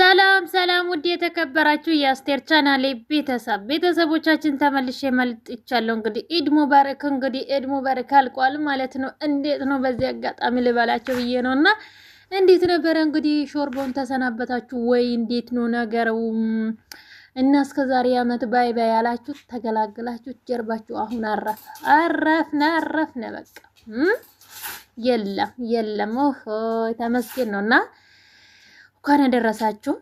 ሰላም ሰላም፣ ውድ የተከበራችሁ የአስቴር ቻናሌ ቤተሰብ ቤተሰቦቻችን ተመልሼ መልጥቻለሁ። እንግዲህ ኢድ ሙባረክ እንግዲህ ኢድ ሙባረክ አልቋል ማለት ነው። እንዴት ነው በዚህ አጋጣሚ ልበላቸው ብዬ ነው እና እንዴት ነበረ እንግዲህ ሾርቦን ተሰናበታችሁ ወይ? እንዴት ነው ነገረው እና እስከ ዛሬ አመት ባይ ባይ ያላችሁ ተገላግላችሁ ጀርባችሁ አሁን አረፍ አረፍነ አረፍነ በቃ የለም የለም ኦሆ ተመስገን ነው እና እንኳን ያደረሳችሁ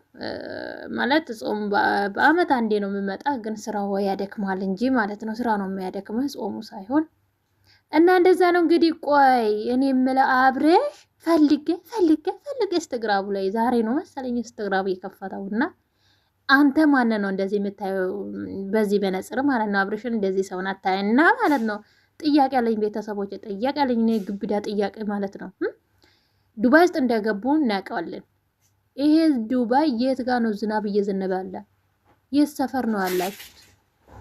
ማለት ጾም በአመት አንዴ ነው የሚመጣ፣ ግን ስራው ያደክማል እንጂ ማለት ነው። ስራ ነው የሚያደክመ ጾሙ ሳይሆን እና እንደዛ ነው እንግዲህ። ቆይ እኔ የምለው አብርሽ ፈልጌ ፈልጌ ፈልጌ ኢንስታግራሙ ላይ ዛሬ ነው መሰለኝ ኢንስታግራም የከፈተው እና አንተ ማን ነው እንደዚህ የምታየው በዚህ በነጽር ማለት ነው። አብርሽን እንደዚህ ሰውን እና ማለት ነው። ጥያቄ ያለኝ ቤተሰቦች ጥያቄ ያለኝ ግብዳ ጥያቄ ማለት ነው። ዱባይ ውስጥ እንደገቡ እናያውቀዋለን። ይሄ ዱባይ የት ጋር ነው ዝናብ እየዘነበ ያለ? የት ሰፈር ነው ያላችሁት?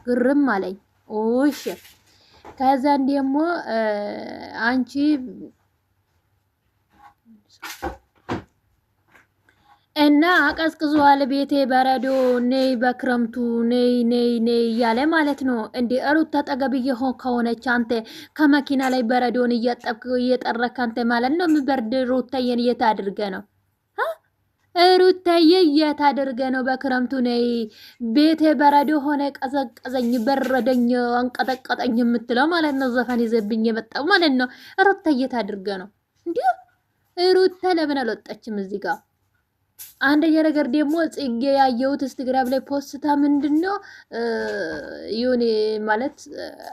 ግርም አለኝ። ኦሽ ከዛን ደግሞ አንቺ እና አቀዝቅዟል ቤቴ በረዶ ነይ በክረምቱ ነይ ነይ ነይ እያለ ማለት ነው። እንዲ ሩት አጠገብ እየሆን ከሆነች አንተ ከመኪና ላይ በረዶን እያጠብክ እየጠረክ አንተ ማለት ነው። ምበርድ ሩት የት ነው ሩታዬ እያታደርገ ነው። በክረምቱ ነይ ቤቴ በረዶ ሆነ ቀዘቀዘኝ፣ በረደኝ፣ አንቀጠቀጠኝ የምትለው ማለት ነው። ዘፈን ይዘብኝ የመጣው ማለት ነው። ሩታ እየታደርገ ነው እንዲሁ ሩታ ለምን አልወጣችም እዚህ ጋር? አንደኛ ነገር ደግሞ ጽጌ ያየሁት ኢንስታግራም ላይ ፖስታ ምንድን ነው የሆነ ማለት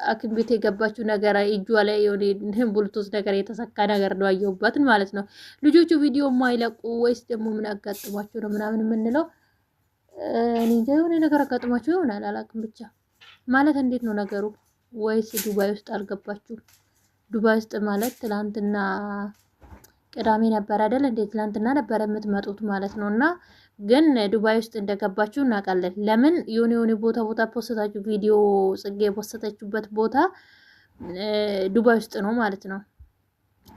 ሐኪም ቤት የገባችው ነገር እጇ ላይ የሆነ ቡልቶስ ነገር የተሰካ ነገር ነው ያየሁባትን ማለት ነው። ልጆቹ ቪዲዮ ማይለቁ ወይስ ደግሞ ምን አጋጥሟቸው ነው ምናምን የምንለው? እኔ እንጃ የሆነ ነገር አጋጥሟቸው ይሆናል አላውቅም። ብቻ ማለት እንዴት ነው ነገሩ? ወይስ ዱባይ ውስጥ አልገባችሁም? ዱባይ ውስጥ ማለት ትላንትና ቅዳሜ ነበር አይደል? እንዴ ትላንትና ነበር የምትመጡት ማለት ነው። እና ግን ዱባይ ውስጥ እንደገባችሁ እናውቃለን። ለምን የሆነ የሆነ ቦታ ቦታ ፖስታችሁ ቪዲዮ ጽጌ የፖስተችበት ቦታ ዱባይ ውስጥ ነው ማለት ነው።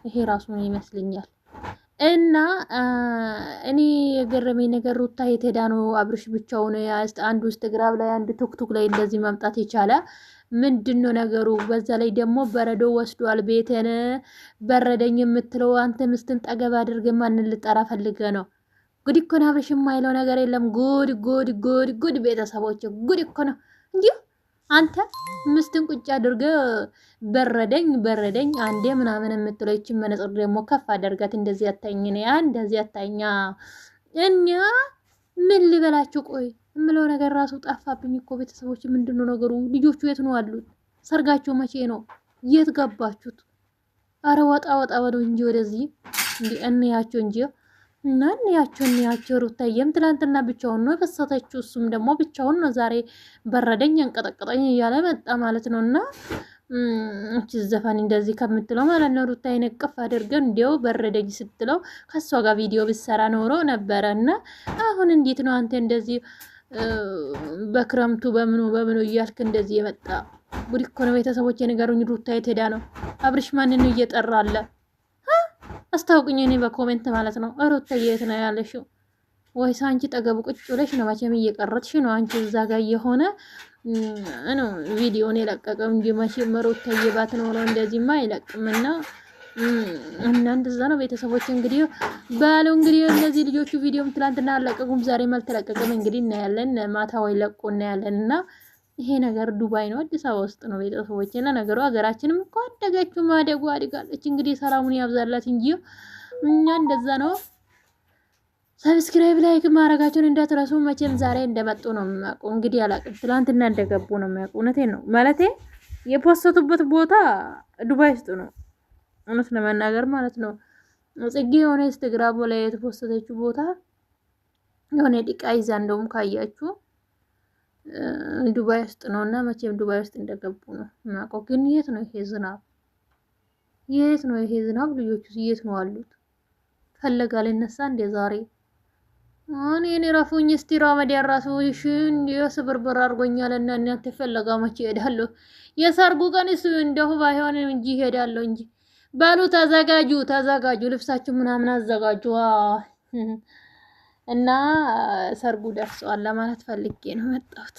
ይሄ ራሱን ይመስለኛል። እና እኔ የገረመኝ ነገር ሩታ የት ሄዳ ነው አብርሽ ብቻውን ውስጥ ኢንስታግራም ላይ አንድ ቲክቶክ ላይ እንደዚህ ማምጣት የቻለ ምንድን ነው ነገሩ? በዛ ላይ ደግሞ በረዶ ወስዷል ቤትን በረደኝ የምትለው አንተ ምስትን ጠገብ አድርገ ማንን ልጠራ ፈልገ ነው? ጉድ እኮ ነው አብርሽ የማይለው ነገር የለም። ጉድ ጉድ ጉድ ጉድ ቤተሰቦች ጉድ እኮ ነው እንዲሁ አንተ ምስትን ቁጭ አድርገ በረደኝ በረደኝ አንዴ ምናምን የምትለችን መነጽር ደግሞ ከፍ አደርጋት እንደዚህ ያታኝ ነ እንደዚህ ያታኛ እኛ ምን ልበላችሁ። ቆይ የምለው ነገር ራሱ ጠፋብኝ እኮ ቤተሰቦች፣ ምንድን ነው ነገሩ? ልጆቹ የት ነው አሉት? ሰርጋቸው መቼ ነው? የት ገባችሁት? አረ ወጣ ወጣ በለው እንጂ ወደዚህ እንዲ እንያቸው እንጂ እና እንያቸው እንያቸው ሩታዬም ትላንትና ብቻውን ነው የፈሰተችው። እሱም ደግሞ ብቻውን ነው ዛሬ በረደኝ አንቀጠቀጠኝ እያለ መጣ ማለት ነው። እና እቺ ዘፈን እንደዚህ ከምትለው ማለት ነው ሩታዬን እቅፍ አድርገን እንዲያው በረደኝ ስትለው ከእሷ ጋር ቪዲዮ ብሰራ ኖሮ ነበረ። እና አሁን እንዴት ነው አንተ እንደዚህ በክረምቱ በምኑ በምኑ እያልክ እንደዚህ የመጣ ቡድ እኮ ነው። ቤተሰቦች የነገሩኝ ሩታዬ ትሄዳ ነው። አብርሽ ማንን ነው እየጠራለ አስታውቅኝ እኔ በኮሜንት ማለት ነው። ሩታዬ የት ነው ያለሽው? ወይስ አንቺ ጠገቡ ቁጭ ብለሽ ነው? መቼም እየቀረጥሽ ነው አንቺ እዛ ጋር የሆነ ነው ቪዲዮን የለቀቀው እንጂ መቼም ሩታዬ ባትኖረው እንደዚህማ አይለቅምና እና እንደዛ ነው ቤተሰቦች። እንግዲህ ባሉ እንግዲህ እነዚህ ልጆቹ ቪዲዮም ትላንትና አለቀቁም፣ ዛሬም አልተለቀቀም። እንግዲህ እናያለን፣ ማታ ወይ ለቁ እናያለን እና ይሄ ነገር ዱባይ ነው፣ አዲስ አበባ ውስጥ ነው ቤተሰቦች። እና ነገሩ ሀገራችንም እኮ አደገችው፣ ማደጉ አድጋለች። እንግዲህ ሰላሙን ያብዛላት እንጂ እኛ እንደዛ ነው። ሰብስክራይብ ላይክ ማድረጋቸውን እንዳትረሱ። መቼም ዛሬ እንደመጡ ነው የሚያውቁ። እንግዲህ አላቅም፣ ትላንትና እንደገቡ ነው የሚያውቁ። እውነቴን ነው ማለቴ የፖሰቱበት ቦታ ዱባይ ውስጥ ነው፣ እውነት ለመናገር ማለት ነው። ጽጌ የሆነ ኢንስታግራም ላይ የተፖሰተችው ቦታ የሆነ ዲቃ ይዛ እንደውም ካያችሁ ዱባይ ውስጥ ነው እና መቼም ዱባይ ውስጥ እንደገቡ ነው የማውቀው። ግን የት ነው ይሄ ዝናብ? የት ነው ይሄ ዝናብ? ልጆቹ የት ነው አሉት? ፈለጋ ሊነሳ እንደ ዛሬ አሁን እኔ ራፉኝ እስቲ ራመድ ያራሱ እሺ እንዲ ስብርብር አርጎኛል እና እናንተ ፈለጋ መቼ ይሄዳሉ? የሰርጉ ቀን እሱ እንደሁ ባይሆን እንጂ እሄዳለሁ እንጂ በሉ ተዘጋጁ፣ ተዘጋጁ ልብሳችሁ ምናምን አዘጋጁ። እና ሰርጉ ደርሰዋል ለማለት ፈልጌ ነው መጣሁት።